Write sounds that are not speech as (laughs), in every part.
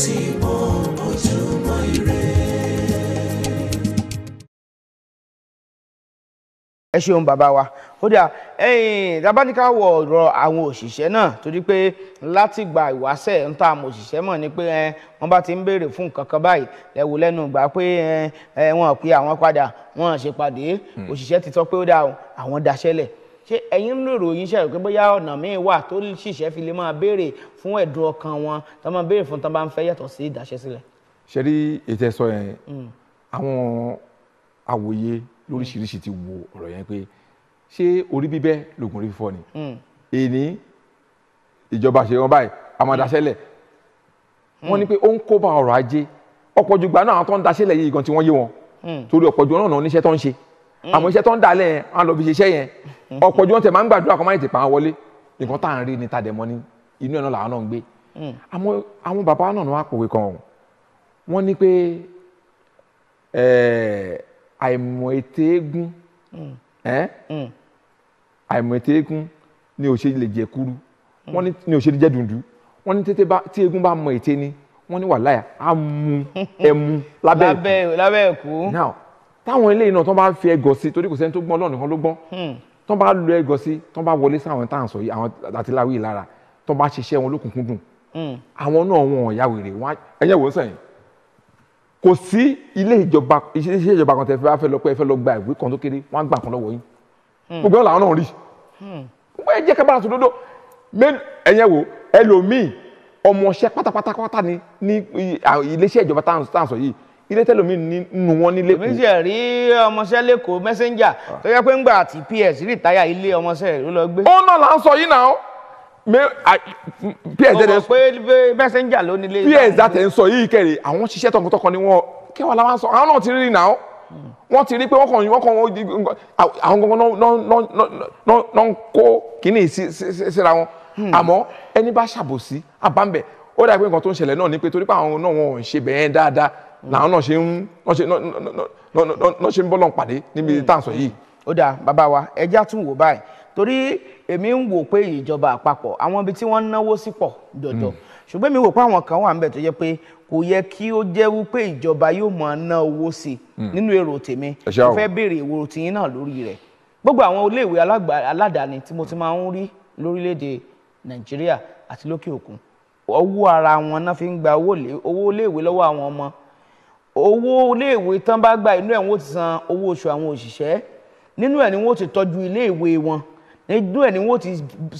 ti mọ ojúmọ́ ire. ẹ ṣeun bàbá wa ó dà ẹ̀yin dábàníkà wọ ọ̀rọ̀ àwọn òṣìṣẹ́ náà torí pé látìgbà ìwáṣẹ̀ ń ta àwọn òṣìṣẹ́ mọ̀ ni pé wọ́n bá ti ń béèrè fún nǹkan kan báyìí lẹ́wọ̀ lẹ́nu ìgbà pé wọ́n pe àwọn padà wọ́n ṣèpàdé hmm. òṣìṣẹ́ ti sọ pé ó dà àwọn daṣẹ́lẹ̀ ṣé ẹ̀yin ń lòrò yín ṣe àròpé bóyá ọ̀nà míì wà tó ṣìṣẹ́ fi lè máa béèrè fún ẹ̀dùn ọkàn wọn tó máa béèrè fún tó bá ń fẹ́ yàtọ̀ sí ìdáṣẹ́sílẹ̀. ṣe rí ètò ẹ̀sọ́ yẹn hmm. àwọn àwòye lóríṣiríṣi ti wo ọ̀rọ̀ yẹn pé ṣé orí bíbẹ́ lògùn orí fífọ́ ni hmm. èní ìjọba ṣe wọn báyìí àmàdáṣẹ́lẹ̀ hmm. wọ́n ní pé ó ń kóbá ọrọ̀ ajé ọ̀pọ̀jùgbà náà àwọn tó ń daṣẹ́lẹ̀ yìí gan tí wọ́n yé wọn torí ọ̀pọ̀jù náà níṣẹ́ tó ń ṣe Mm. àmọ́ iṣẹ́ tó ń dalẹ̀ yẹn wọn lọ fi ṣiṣẹ́ yẹn mm-hmm. ọ̀pọ̀ ju wọn tẹ̀ máa ń gbàdúrà kọ́ máa tètè pa wọn wọlé nǹkan tá à ń rí ni tàdé mọ́ ni inú ẹ̀ náà làwọn náà ń gbé mm. àmọ́ àwọn bàbá náà wọn á pòwe kan ọ̀hún wọ́n ní pé àìmọ̀ ètè eégún mm. àìmọ̀ ètè eégún ni ò ṣe lè jẹ kúrú wọ́n ní ò ṣe lè jẹ dùndú wọ́n ní tètè bá tí eégún bá mọ ètè ni wọ́n ní wàláyà á mu (laughs) ẹmu lábẹ́ ẹ̀kú táwọn eléyìí náà tó bá fi ẹgọ sí torí kò sẹ́ni tó gbọ́n Ọlọ́run nìkan ló gbọ́n hmm. tó bá lo ẹgọ sí tó bá wọlé sáwọn tá à ń sọ yìí àwọn àtìláwí yìí lára tó bá ṣiṣẹ́ wọn lókùnkúndùn hmm. àwọn náà wọn ò yá wèrè wọn ẹ̀yẹ́ wò ó sẹ́yìn kò sí ilé ìjọba iṣẹ́ ìjọba kan tẹ́ fẹ́ fẹ́ lọ pé ẹ fẹ́ lọ gba ìwé kan tó kéré wọ́n á gbà kan lọ́wọ́ yín hmm. gbogbo ọ̀la àwọn náà rí gbogbo ẹ jẹ́ ká bára sòdodo ẹ̀yẹ́ wò ẹlòmíì ọmọọṣẹ́ pátápátá ni ní iléeṣẹ́ ìjọba tá à ń sọ yìí ilé tẹlomi nínú wọn nílé. èmi ṣe rí ọmọọṣẹ́ lẹ́kọ̀ọ́ mẹ́sẹ́ńjà ah. tó yẹ pé ńgbà àti ps rìtáyà ilé ọmọọṣẹ́ ló lọ gbé. ó náà là ń sọ yìí náà mẹ ps dẹ dẹ sọ. pé mẹ́sẹ́ńjà ló nílé. ps dàtẹ̀ ń sọ yìí kẹrì àwọn ṣiṣẹ́ tọkàntọkàn ni wọn kẹwàá làwọn sọ àwọn náà ti rí náà wọ́n ti rí pé wọ́n kàn wọ́n kàn àwọn gangan náà ń kó kínní síra wọn hmm làwọn náà ṣe ń náà ṣe ń bọ́lọ̀ pàdé níbi hmm. tá à ń sọ yìí. ó dáa bàbá wa ẹja tún wò báyìí torí èmi ń wò pé ìjọba àpapọ̀ àwọn ibi tí wọ́n ń náwó sí pọ̀ dọ̀dọ̀ hmm. ṣùgbọ́n mi wò pé àwọn kan wà ń bẹ̀ tó yẹ pé kò yẹ kí ó jẹ́ wípé ìjọba yóò máa ná owó sí i hmm. nínú èrò tèmi mo fẹ́ béèrè ìwòrò tìyín náà lórí rẹ̀ gbogbo àwọn iléèwé aládàáni tí mo ti máa ń rí lórílẹ̀‐èdè nàìjíríà àti lókè òkun owó ara wọn náà fi ń gba owó iléèwé lọ́wọ́ àwọn ọmọ owó iléèwé tán bá gba inú ẹ̀ wọ́n ti san owó oṣù àwọn òṣìṣẹ́ nínú ẹ̀ ni wọ́n ti tọ́jú iléèwé wọn nínú ẹ̀ ni wọ́n ti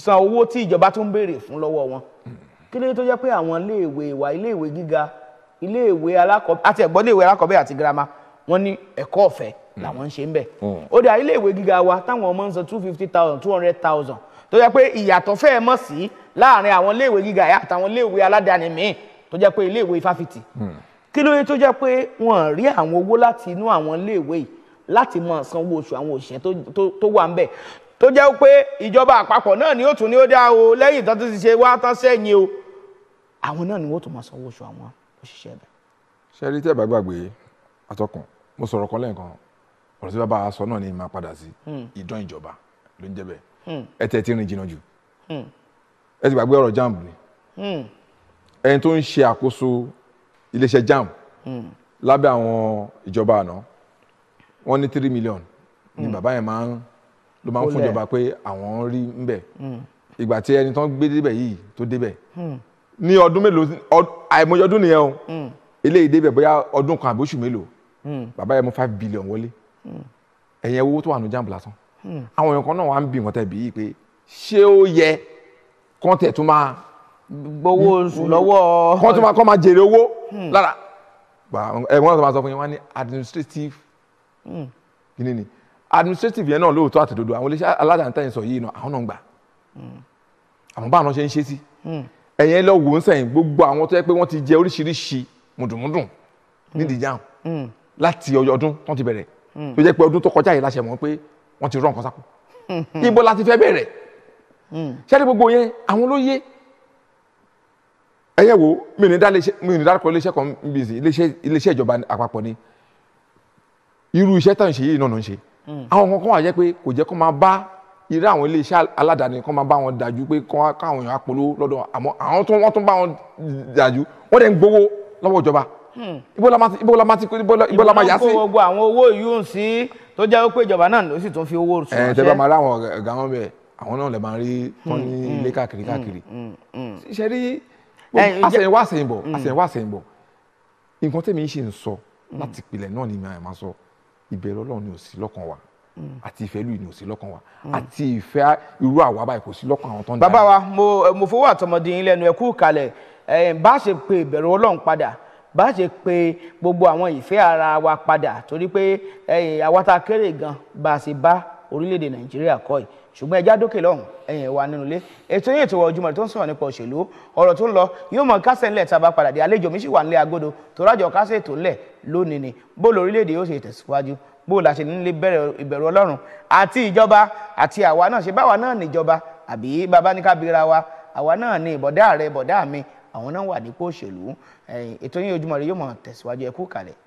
san owó tí ìjọba tún béèrè fún lọ́wọ́ wọn kí ló tó jẹ́ pé àwọn iléèwé wa iléèwé gíga iléèwé alákọ̀ọ́bẹ̀ àti ẹ̀gbọ́n iléèwé alákọ̀ọ́bẹ̀ àti girama wọ́n ní ẹ̀kọ́ ọ̀fẹ́ làwọn ń ṣe ń bẹ̀ hmm. Hmm. ó dà iléèwé gíga wa táwọn ọmọ ń san two fifty thousand two hundred thousand tó jẹ́ pé ìyàtọ̀ fẹ́ẹ́ mọ̀ sí láàrin àwọn iléèwé gíga àtàwọn iléèwé aládàáni míì tó jẹ́ pé iléèwé fáfitì hmm kí ló dé tó jẹ́ pé wọ́n rí àwọn owó láti inú àwọn iléèwé yìí láti máa sanwó oṣù àwọn òṣìṣẹ́ tó wà ń bẹ̀ tó jẹ́ pé ìjọba àpapọ̀ náà ni ó tún ní ó dá o lẹ́yìn tán tó ti ṣe wá tán sẹ́yìn o àwọn náà ni wọ́n tún máa sanwó oṣù àwọn òṣìṣẹ́ bẹ̀. ṣe rí tí ẹ gbàgbé atọ́kùn mo sọ̀rọ̀ kan lẹ́ẹ̀kan ọ̀rọ̀ tí bàbá sọ náà ni màá padà sí hmm. ìdán ìjọba ló ń jẹ́ bẹ́ẹ̀ hmm iléeṣẹ́ JAMB hmm. lábẹ́ àwọn ìjọba àná wọ́n ní three million ni hmm. bàbá yẹn máa ń ló máa ń fún ìjọba pé àwọn ń rí ń bẹ̀ hmm. ìgbà tí ẹni tán gbé débẹ̀ yìí tó débẹ̀ ní ọdún mélòó àìmọye ọdún nìyẹn o eléyìí débẹ̀ bóyá ọdún kan àbí oṣù mélòó bàbá yẹn mú five billion wọlé ẹ̀yẹn owó tó wà ní JAMB lásán àwọn èèyàn kan náà wà ń bì wọ́n tẹ̀ bí yìí pé ṣé ó yẹ kọ́ńtẹ̀ tó máa gbowó hmm. oṣù lọ́wọ́. kọ́ tó máa kọ́ máa jèrè owó hmm. lára ẹ̀wọ̀n tó máa sọ fún yín wá ní administrative hmm. kí ni ni administrative yẹn náà lóòótọ́ àtòdodo àwọn iléeṣẹ́ aládàáńtẹ̀yìn sọ yìí náà àwọn náà ń gbà àmọ́ báwọn ṣe ń ṣe sí ẹ̀yẹn lọ wò ó sẹ́yìn gbogbo àwọn tó yẹ pé wọ́n ti jẹ oríṣiríṣi mùdùnmùdùn nídìí jáàmù láti ọdún tó ti bẹ̀rẹ̀ tó jẹ́ pé ọdún tó kọjá yìí la ṣe mọ̀ pé wọ́n ti rán nǹkan sápò ibo la ti fẹ́ bẹ̀rẹ̀ ṣẹ́ni gbogbo yẹn àwọn ló yé ẹ yẹ wo mi ní dárúkọ iléeṣẹ́ kan ń bì sí iléeṣẹ́ ìjọba àpapọ̀ ni irú iṣẹ́ tá à ń ṣe yìí náà ń ṣe hmm. àwọn kan kan wà jẹ́ pé kò jẹ́ kó máa bá irú àwọn iléeṣẹ́ aládàáni kan máa bá wọn dájú pé káwọn èèyàn apolówó lọ́dọ̀ àmọ́ àwọn tó wọ́n tó bá wọn dájú wọ́n dẹ̀ ń gbowó lọ́wọ́ ìjọba hmm. ibo la ma ti ibo la ma yá sí. ìbò gbogbo àwọn owó yìí ń sí tó jẹ́ pé ìjọba náà ló sì tún fi owó sùn. ẹ tẹ́ bá máa rí àwọn ọ̀gá wọn bẹ̀ àwọn náà lè máa rí tán ní hmm. ilé káàkiri káàkiri. ṣe rí àsẹ̀yìnwá àsẹ̀yìnbọ̀ àsẹ̀yìnwá àsẹ̀yìnbọ̀ nǹkan tẹ̀mí ṣe ń sọ mm. láti ìpìlẹ̀ náà ni màá máa sọ ìbẹ̀rù ọlọ́run ni ò sí lọ́kàn wa mm. àti ìfẹ́ lùi ni ò sí lọ́kàn wa mm. àti ìfẹ́ irú àwa báyìí kò sí lọ́kàn àwọn tó ń darí. bàbá wa mo mo fowó àtọmọdé yín lẹ́nu ẹ kú kalẹ̀ eh, bá a ṣe pe ìbẹ̀rù ọlọ́run padà bá a ṣe pe gbogbo àwọn ìfẹ́ ara wa padà torí pé eh, àwa ta kéré gan bá a ṣe bá orílẹ̀-èdè nàìjíríà kọ́ yìí ṣùgbọ́n ẹja dókè lọ́hùn ẹ̀yìn wa nínú ilé ètò yìí ètò Ojúmọ́ Ire tó ń sọ̀rọ̀ nípa òṣèlú ọ̀rọ̀ tó ń lọ yóò mọ kásẹ̀ ńlẹ̀ tá a bá padà dé àlejò mi sì wà nílé agodo tó rájọ kásẹ̀ tó ńlẹ̀ lónìí ni bó lórílẹ̀‐èdè yóò ṣe tẹ̀síwájú bó la ṣe nílé bẹ̀rẹ̀ ìbẹ̀rù Ọlọ́run àti ìjọba àti àwa náà ṣe báwa náà níjọba àbí bàbá ní kábíra wa àwa náà ni bọ̀dá rẹ bọ̀dá mi àwọn náà wà nípò òṣèlú ètò yìí Ojúmọ́ Ire yóò mọ tẹ̀síwájú ẹ kalẹ̀